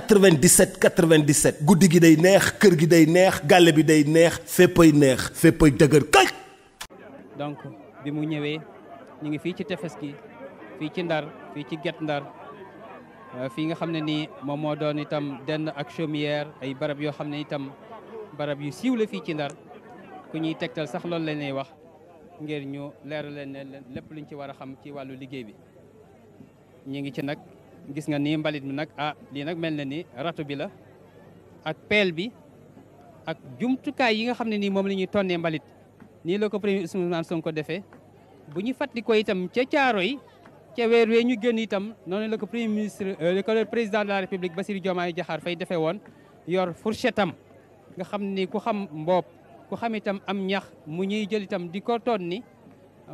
97 97 guddi gi day neex kër gi day neex gàlle bi day neex féppay neex féppay dëgër kay. donc bi mu ñëwee ñu ngi fii ci tefes gi fii ci ndar fii ci get Ndar euh, fii nga xam ne nii moom moo doon itam denn ak chaumière ay barab yoo xam ne itam barab yu siiw la fii ci ndar ku ñuy tegtal sax loolu la ñuy wax ngir ñu leer leen leen lépp luñ ci war a xam ci wàllu liggéey bi ñu ngi ci nag. gis nga nii mbalit mi nag a ah, lii nag mel na ni ratu bi la ak peel bi ak jumtukaay yi nga xam ne nii moom la ñuy tonnee mbalit nii la ko premier Ousmane Sonko defee bu ñu fàttali ko itam ca caaro yi ca wee ñu génn itam noonu la ko premier ministre euh, le président de la république Bassirou Diomaye Diakhar Faye defee woon yor fourchette am nga xam ni ku xam mboob ku xam itam am ñax mu ñuy jël itam di ko ton ni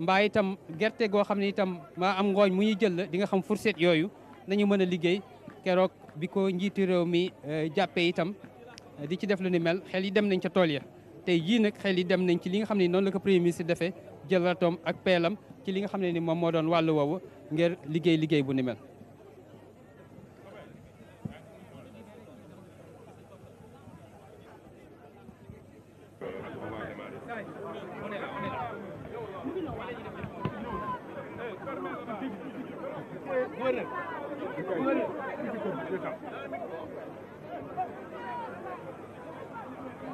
mbaa itam gerte goo xam ne itam maa am ngooñ mu ñuy jël la di nga xam fourchette yooyu nañu mën a liggéey keroog bi ko njiitu réew mi euh, jàppee itam euh, di ci def lu ni mel xel yi dem nañ ca tool ya tey jii nag xel yi dem nañ ci li nga xam ne noonu la ko premier ministre defee jël ak peelam ci li nga xam ne ni moom moo doon wàllu woowu ngir liggéey liggéey bu ni mel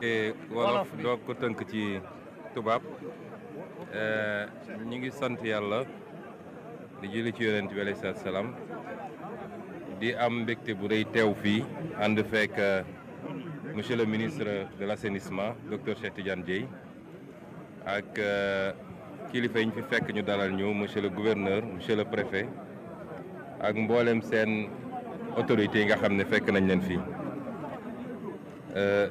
Eh, wolof doo ko tënk ci tubaab eh, ñu ngi sant yàlla di julli ci yonent bi alayhi salaatu salaam di am mbégte bu rëy teew fii ànd fekk eh, monsieur le ministre de l' assainissement docteur Cheikh Tidiane ak kilifa yi ñu fi fekk ñu dalal ñu monsieur le gouverneur monsieur le préfet ak mboolem seen autorités yi nga xam ne fekk nañ leen fii euh,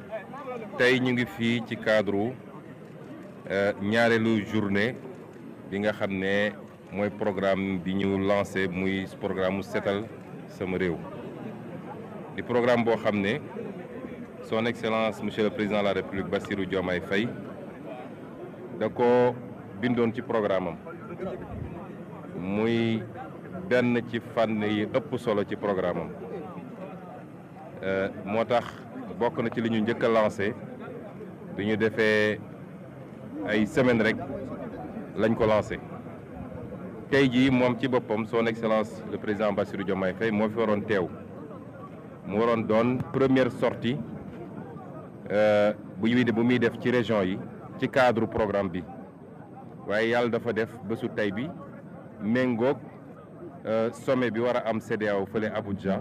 tey ñu ngi fii ci cadre euh, ñaareelu journée bi nga xam ne mooy programme bi ñu lancé muy programme mu setal sama réew di programme boo xam ne son excellence monsieur le président de la république Bassirou Diomaye Faye da ko bindoon ci programme am benn ci fànn yi ëpp solo ci programme am euh, moo tax bokk na ci lu ñu njëkk a lancé bi ñu defee ay semaine rek lañ ko lancé tey jii moom ci boppam son excellence le président Bassirou Diomaye Faye moo fi waroon teew mu waroon doon première sortie euh, bu ñu bu muy def ci région yi ci cadre programme bi waaye yàlla dafa def bésu tey bi méngoog Euh, sommet bi war a am CEDEAO fële Abuja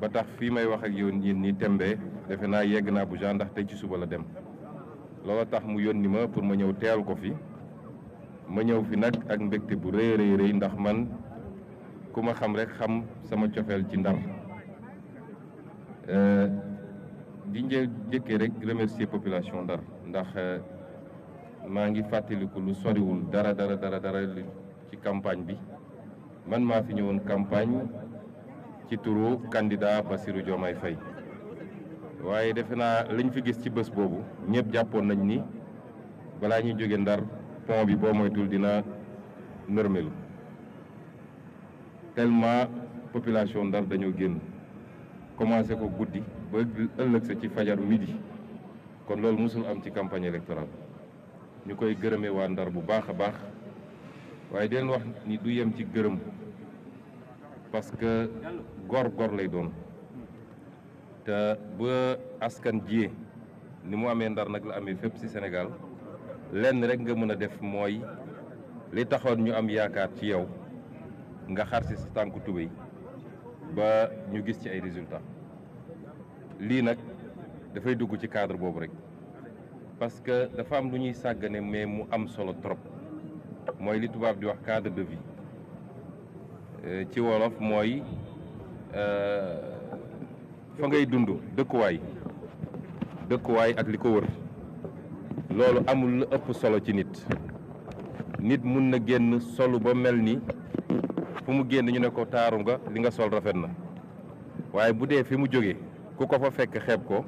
ba tax fii may wax ak yoon yi ni tembe defe naa yegg na Abuja ndax tey ci suba la dem loola tax mu ni ma pour ma ñëw teewal ko fi ma ñëw fi nag ak mbégte bu rëy rëy rëy ndax man ku ma xam rek xam sama cofeel ci Ndar euh, di njël jëkkee rek remercier population Ndar ndax euh, maa ngi fàttaliku lu soriwul dara dara dara dara ci campagne bi man maa fi ñëwoon campagne ci turu candidat Bassirou Diomaye Faye waaye defe naa liñ fi gis ci bés boobu ñëpp jàppoon nañ ni balaa ñuy jóge ndar pont bi boo moytul dina nërmelu tellement population ndar dañoo génn commencé ko guddi ba ëllëg sa ci fajar midi kon loolu mësul am ci campagne électorale ñu koy gërëmee waa ndar bu baax a baax waaye di wax ni du yem ci gërëm parce que gor gor lay doon te ba askan jiyee ni mu amee ndar nag la amee fépp ci senegal lenn rek nga mën a def mooy li taxoon ñu am yaakaar ci yow nga xar ci sa tànku tubéy ba ñu gis ci ay résultats lii nag dafay dugg ci cadre boobu rek parce que dafa am lu ñuy sàggane mais mu am solo trop mooy li tubaab di wax cadre de bi euh, ci wolof mooy euh, fa ngay dund dëkkuwaay dëkkuwaay ak li ko wër loolu amul la ëpp solo ci nit nit mun na génn solu ba mel ni fu mu génn ñu ne ko taaru nga li nga sol rafet na waaye bu dee fi mu jóge ku ko fa fekk xeeb ko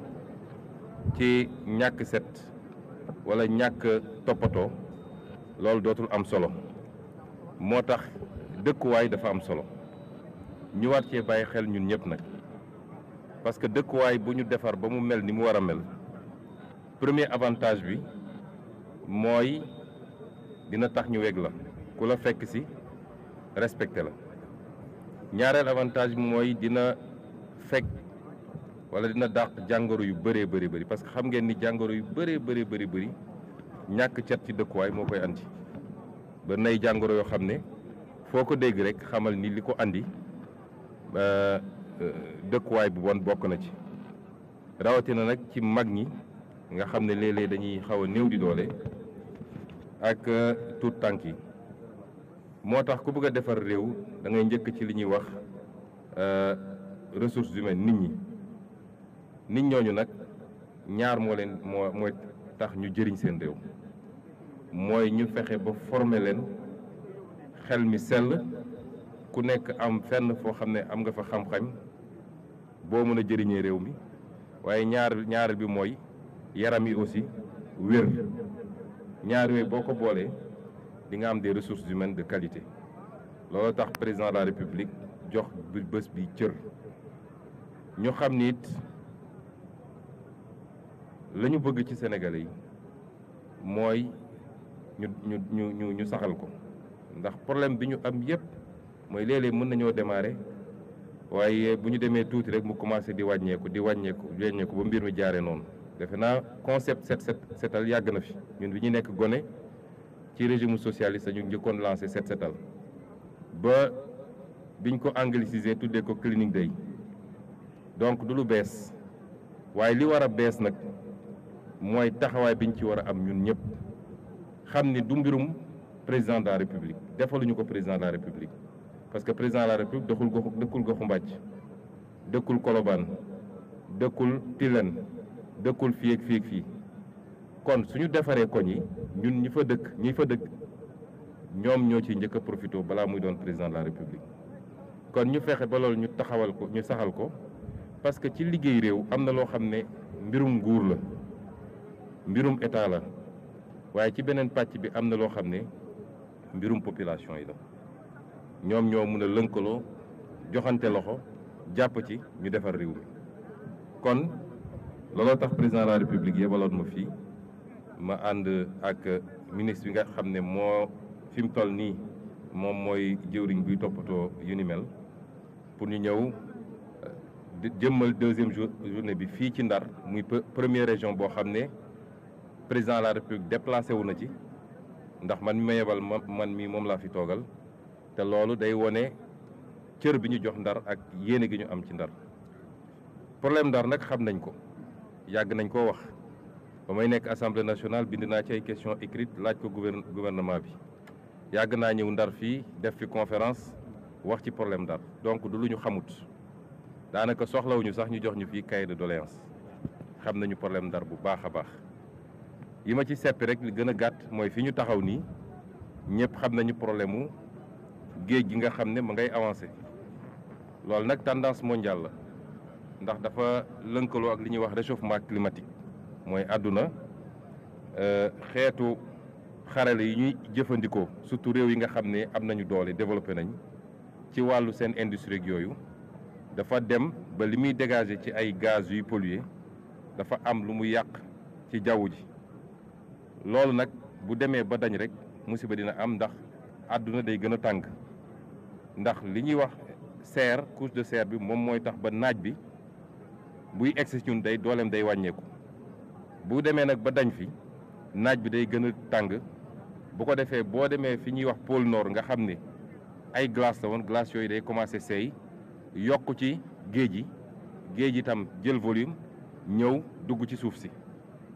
ci ñàkk set walla ñàkk toppatoo loolu dootul am solo moo tax dëkkuwaay dafa am solo ñu war cee bàyyi xel ñun ñëpp nag parce que dëkkuwaay bu ñu defar ba mu mel ni mu war a mel premier avantage bi mooy dina tax ñu weg la ku la fekk si respecté la ñaareel avantage bi mooy dina fekk walla dina dàq jàngoro yu bëree bëri bëri parce que xam ngeen ni jàngoro yu bëree bëri bëri bëri ñàkk cet ci dëkkuwaay moo koy andi ba nay jàngoro yoo xam ne foo ko dégg rek xamal ni li ko andi euh, dëkkuwaay bu bon bokk na ci rawatina nag ci mag ñi nga xam ne léeg-léeg dañuy xaw a néew di doole ak euh, tuut tànk yi moo tax ku bëgg a defar réew dangay njëkk ci li ñuy wax euh, ressources humaines nit ñi nit ñooñu nag ñaar moo leen moo mooy tax ñu jëriñ seen réew mooy ñu fexe ba former leen xel mi sell ku nekk am fenn foo xam ne am nga fa xam-xam boo mën a jëriñee réew mi waaye ñaar ñaar bi mooy yaram yi aussi wér ñaar yooyu boo ko boolee di nga am des ressources humaines de qualité loolu tax président la république jox bés bi cër ñu xam ni la ñu bëgg ci Sénégalais yi mooy ñu ñu ñu ñu ñu saxal ko ndax problème bi ñu am yépp mooy léeg-léeg mën nañoo démarrer waaye bu ñu demee tuuti rek mu commencé di wàññeeku di wàññeeku di ba mbir mi jaaree noonu. defe naa concept set set setal yàgg na fi ñun bi ñu nekk gone ci régime socialiste ñu njëkkoon lancé set setal ba biñ ko anglicisé tuddee ko cleaning day donc du lu bees waaye li war a bees nag. mooy taxawaay bi ñu ci war a am ñun ñëpp xam ni du mbirum président de la république defaluñu ko président de république parce que président de la république dëkkul goxu dëkkul goxu mbàcc dëkkul kolobaan dëkkul tilen dëkkul fii ak fii ak fii kon suñu defaree koñ yi ñun ñi fa dëkk ñi fa dëkk ñoom ñoo ci njëkk a profité balaa muy doon président de la république kon ñu fexe ba loolu ñu taxawal ko ñu saxal ko parce que ci liggéey réew am na loo xam ne mbirum nguur la mbirum état la waaye ci beneen pàcc bi am na loo xam ne mbirum population yi la ñoom ñoo mun a lënkaloo joxante loxo jàpp ci ñu defar réew mi kon looloo tax président la république yebaloon ma fii ma ànd ak ministre bi nga xam ne moo fi mu toll nii moom mooy jëwriñ buy toppatoo yu ni mel pour ñu ñëw euh, jëmmal jour journée bi fii ci Ndar muy première région boo xam ne président la république déplacé wu na ci ndax man mi ma yebal man mii moom laa fi toogal te loolu day wone cër bi ñu jox ndar ak yéene gi ñu am ci ndar problème ndar nag xam nañ ko yàgg nañ koo wax ba may nekk assemblée nationale bind naa ci ay question écrite laaj ko gouvernement bi yàgg naa ñëw ndar fii def fi conférence wax ci problème ndar donc du lu ñu xamut daanaka soxlawuñu sax ñu jox ñu fii cahier de doléance xam nañu problème ndar bu baax a baax yi ma ci seppi rek li gën a gàtt mooy fi ñu taxaw nii ñëpp xam nañu problème mu géej gi nga xam ne ma ngay avancé loolu nag tendance mondiale la ndax dafa lënkaloo ak li ñuy wax réchauffement climatique mooy àdduna euh, xeetu xarale yi ñuy jëfandikoo surtout réew yi nga xam ne am nañu doole développé nañ ci wàllu seen industrie ak yooyu dafa dem ba li muy dégager ci ay gaz yuy polluer dafa am lu mu yàq ci jaww ji loolu nag bu demee ba dañ rek musiba dina am ndax àdduna day gën a tàng ndax li ñuy wax serre couche de serre bi moom mooy tax ba naaj bi buy egsi ci ñun day doolem day wàññeeku bu demee nag ba dañ fi naaj bi day gën a tàng bu ko defee boo demee fi ñuy wax pôle nord nga xam ne ay glace la woon glace yooyu day commencé seey yokk ci géej gi géej gi itam jël volume ñëw dugg ci suuf si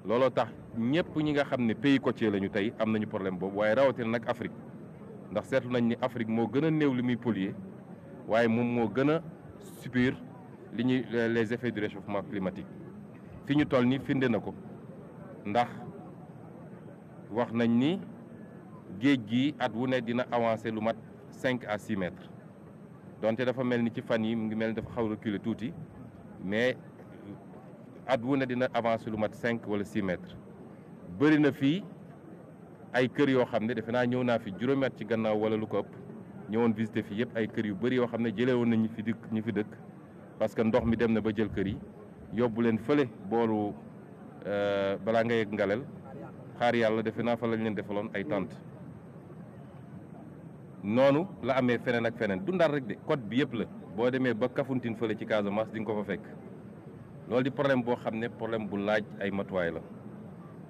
looloo tax ñëpp ñi nga xam ne pays côtier lañu tey am nañu problème boobu waaye rawatina nag Afrique ndax seetlu nañ ni Afrique moo gën a néew li muy polluer waaye moom moo gën a subir li ñuy les effets du réchauffement climatique fi ñu toll nii firnde na ko ndax wax nañ ni géej gi at wu ne dina avancer lu mat cinq à six mètres donte dafa mel ni ci fan yi mu ngi mel ni dafa xaw reculer tuuti mais at wu ne dina avancé lu mat cinq wala six mètres bëri na fii ay kër yoo xam ne defe naa ñëw naa fi juróomi at ci gannaaw wala lu ko ëpp ñëwoon visité fii yëpp ay kër yu bëri yoo xam ne jëlee woon na ñu fi dëkk ñu fi dëkk parce que ndox mi dem na ba jël kër yi yóbbu leen fële booru euh, balaa nga yegg ngalel xaar yàlla defe naa fa lañ leen defaloon ay tente noonu la amee feneen ak feneen du Ndar rek de côte bi yëpp la boo demee ba Kafountine fële ci Casamance di nga ko fa fekk loolu di problème boo xam ne problème bu laaj ay matuwaay la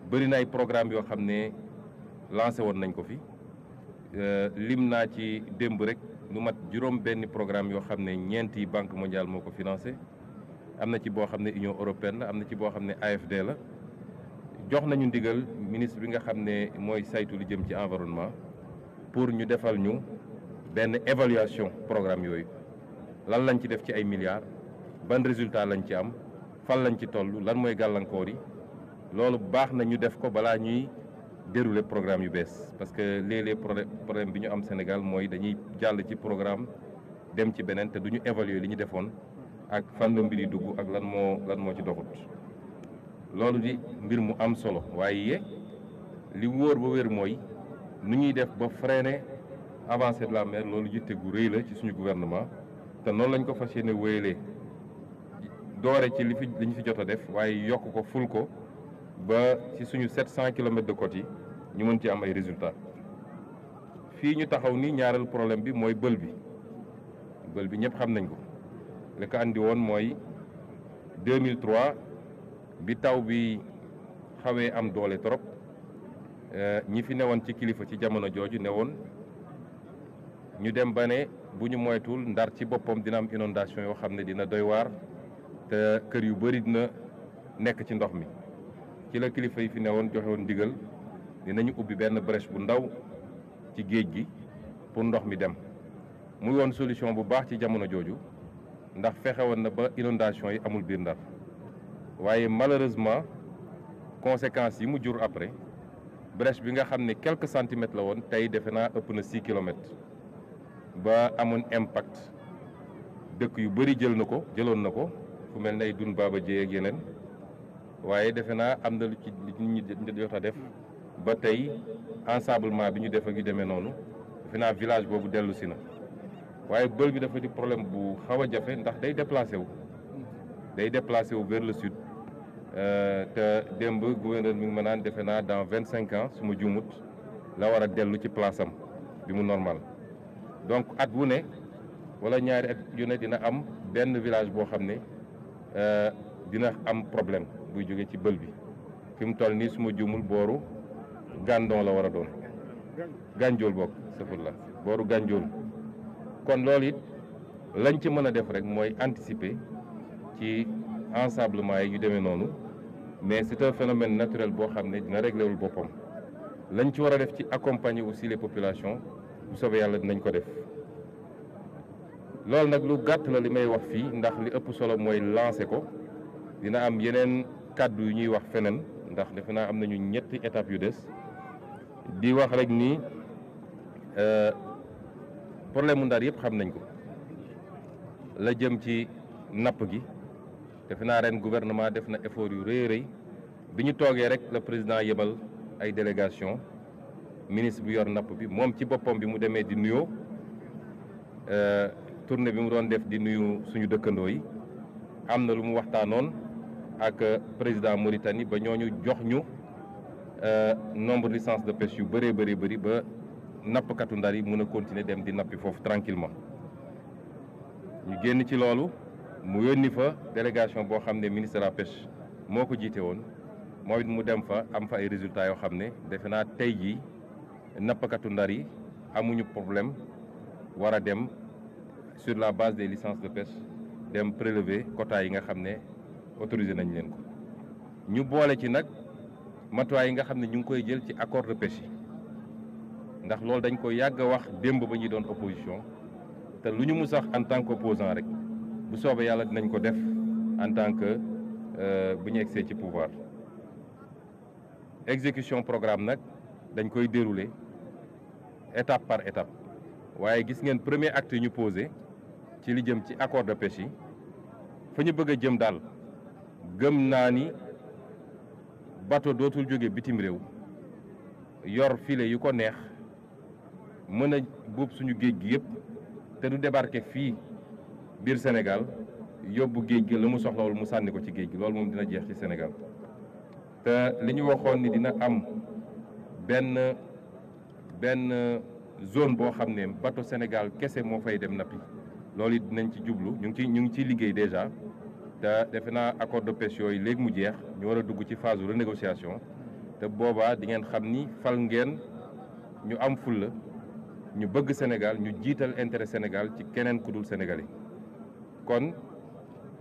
bëri na ay programme yoo xam ne lancé woon nañ ko fi euh, lim naa ci démb rek lu mat juróom benn programme yoo xam ne ñeenti banque mondiale moo ko financé am na ci boo xam ne union européenne la am na ci boo xam ne AFD la jox nañu ndigal ministre bi nga xam ne mooy saytu lu jëm ci environnement pour ñu defal ñu benn évaluation programme yooyu lan lañ ci def ci ay milliards ban résultat lañ ci am fan lañ ci toll lan mooy gàllankoor yi loolu baax na ñu def ko balaa ñuy dérouler programme yu bees parce que léeg-léeg problème bi ñu am Sénégal mooy dañuy jàll ci programme dem ci beneen te du ñu évaluer li ñu defoon ak fan la mbir yi dugg ak lan moo lan moo ci doxut loolu di mbir mu am solo waaye li wóor ba wér mooy nu ñuy def ba freiner avancée de la mer loolu yitte gu rëy la ci suñu gouvernement te noonu lañ ko fas yéene wéyalee doore ci li fi li ñu fi jot a def waaye yokk ko ful ko ba ci suñu 700 kilomètres de côte yi ñu mën ci am ay résultats fii ñu taxaw ni ñaareel problème bi mooy bël bi bël bi ñëpp xam nañ ko li ko andi woon mooy 2003 bi taw bi xawee am doole trop euh, ñi fi newoon ci kilifa ci jamono jooju newoon ñu dem ba ne bu ñu moytuwul ndar ci boppam dina am inondation yoo xam ne dina doy waar. te kër yu bëri dina nekk ci ndox mi ci la kilifa yi fi newoon joxe woon ndigal dinañu ubbi benn brèche bu ndaw ci géej gi pour ndox mi dem muy woon solution bu baax ci jamono jooju ndax fexewoon na ba inondation yi amul biir Ndar waaye malheureusement conséquences yi mu jur après brèche bi nga xam ne quelques centimètres la woon tey defe naa ëpp na six kilomètres ba amoon impact dëkk yu bëri jël na ko jëloon na ko ku mel na ay dun baaba jéy ak yeneen waaye defe naa am na lu ci nit ñi jot a def ba tey ensemblement bi ñu def ak yu demee noonu defe naa village boobu dellu si na waaye bël bi dafa di problème bu xaw a jafe ndax day déplacé wu day déplacé wu vers le sud euh, te démb gouverneur mi ngi ma naan defe naa dans vingt cinq ans suma jumut la war a dellu ci place am bi mu normal donc at wu ne wala ñaari at yu ne dina am benn village boo xam ne Euh, dina am problème buy jóge ci bël bi fi mu toll nii suma jumul juumul booru gàndon la war a doon gànjool bokk safur la booru gànjool kon loolu it lañ ci mën a def rek mooy anticiper ci ensablement yi ñu demee noonu mais c'est un phénomène naturel boo xam ne dina réglewul boppam lañ ci war a def ci accompagner aussi les populations bu soobee yàlla dinañ ko def loolu nag lu gàtt la li may wax fii ndax li ëpp solo mooy lancé ko dina am yeneen kàddu yu ñuy wax feneen ndax defe naa am nañu ñetti étape yu des di wax rek ni euh, problème mu Ndar yëpp xam nañ ko la jëm ci napp gi defe naa ren gouvernement def na effort yu rëy rëy bi ñu toogee rek la président yebal ay délégation ministre bi yor napp bi moom ci boppam bi mu demee di nuyoo. Euh, tournée bi mu doon def di nuyu suñu dëkkandoo yi am na lu mu waxtaanoon ak euh, président Mauritanie ba ñoo ñu jox ñu euh, nombre licence de pêche yu bëree bëri bëri ba nappkatu ndar yi mën a continuer dem di nappi foofu tranquillement ñu génn ci loolu mu yónni fa délégation boo xam ne ministre la pêche moo ko jiite woon mooy it mu dem fa am fa ay résultats yoo xam ne defe naa tey jii nappkatu ndar yi amuñu problème war a dem sur la base des licences de pêche dem prélever quota yi nga xam ne autorisé nañ leen ko ñu boole ci nag matuwaay yi nga xam ne ñu ngi koy jël ci accord de pêche yi ndax loolu dañ ko yàgg wax démb ba ñuy doon opposition te lu ñu mu sax en tant qu'opposant rek bu soobee yàlla dinañ ko def en tant que euh, bu ñu egsee ci pouvoir exécution programme nag dañ koy dérouler étape par étape waaye gis ngeen premier acte yi ñu posé ci li jëm ci accord de pêche yi fa ñu bëgg a jëm daal gëm naa ni bato dootul jóge bitim réew yor filet yu ko neex mën a buub suñu géej gi yëpp te du débarquer fii biir Sénégal yóbbu géej gi la mu soxlawul mu sànni ko ci géej gi loolu moom dina jeex ci Sénégal te li ñu waxoon ni dina am benn benn zone boo xam ne bateau Sénégal kese moo fay dem nappi loolu it dinañ ci jublu ñu ngi ci ñu ngi ciy liggéey déjà te defe naa accord de pêche yooyu léegi mu jeex ñu war dugg ci phase renégociation te boobaa di ngeen xam ni fal ngeen ñu am fulla ñu bëgg Sénégal ñu jiital intérêt Sénégal ci keneen ku dul sénégalais kon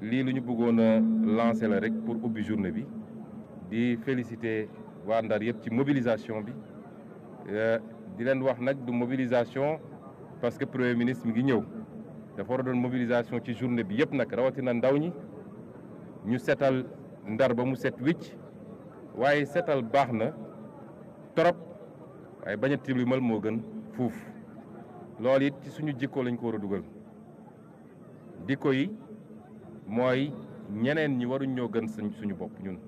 lii lu ñu bëggoon a lancer la rek pour ubbi journée bi di féliciter waa Ndar yëpp ci mobilisation bi euh, di leen wax nag du mobilisation parce que premier ministre mi ngi ñëw. dafa war a doon mobilisation ci journée bi yëpp nag rawatina ndaw ñi ñu setal ndar ba mu set wicc waaye setal baax na trop waaye bañ a tilimal moo gën fuuf loolu it ci suñu jikko lañ ko war a dugal di koy mooy ñeneen ñi waruñ ñoo gën suñu bopp ñun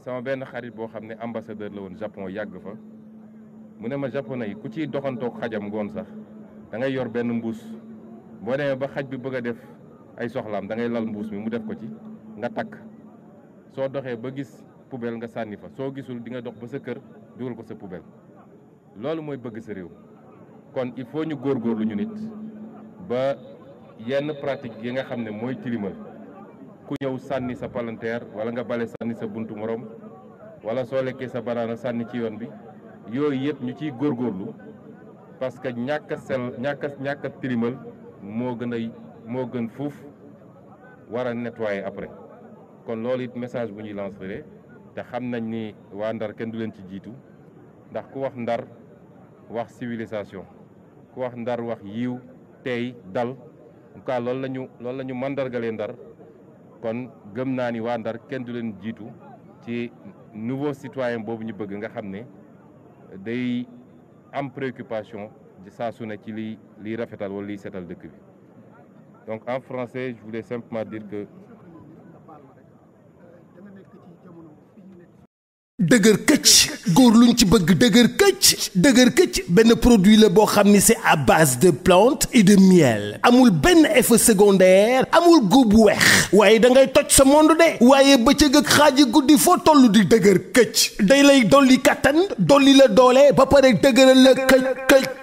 sama benn xarit boo xam ne ambassadeur la woon Japon yàgg fa mu ne ma japonais yi ku ciy doxantoog xajam ngoon sax da yor benn mbuus boo demee ba xaj bi bëgg a def ay soxlaam da ngay lal mbuus mi mu def ko ci nga takk soo doxee ba gis poubelle nga sànni fa soo gisul di nga dox ba sa kër dugal ko sa poubelle loolu mooy bëgg sa réew kon il faut ñu góor góorlu ñu nit ba yenn pratique yi nga xam ne mooy tilimal ku ñëw sànni sa palanteer wala nga bale sànni sa buntu morom wala soo lekkee sa banaana sànni ci yoon bi yooyu yëpp ñu ciy góorgóorlu parce que ñàkk a ñàkk ñàkk tilimal moo gën a moo gën fuuf war a nettoyer après kon loolu it message bu ñuy lancer te xam nañ ni waa Ndar kenn du leen ci jiitu ndax ku wax Ndar wax civilisation ku wax Ndar wax yiw tey dal en tout lool loolu la ñu loolu la ñu mandargalee Ndar kon gëm naa ni waa Ndar kenn du leen jiitu ci nouveau citoyen boobu ñu bëgg nga xam ne day am préoccupation saa su ci liy liy rafetal wala liy setal dëkk bi donc en français je voulais simplement dire que. dëgër këcc góor luñ ci bëgg dëgër këcc dëgër këcc benn produit la boo xam ni c'est à base de plantes et de miel amul benn effet secondaire amul góob weex waaye dangay toj sa monde de waaye bëccëg ak xaaji guddi foo toll di dëgër këcc day lay dolli kàttan dolli la doole ba pare dëgëral la këcc këcc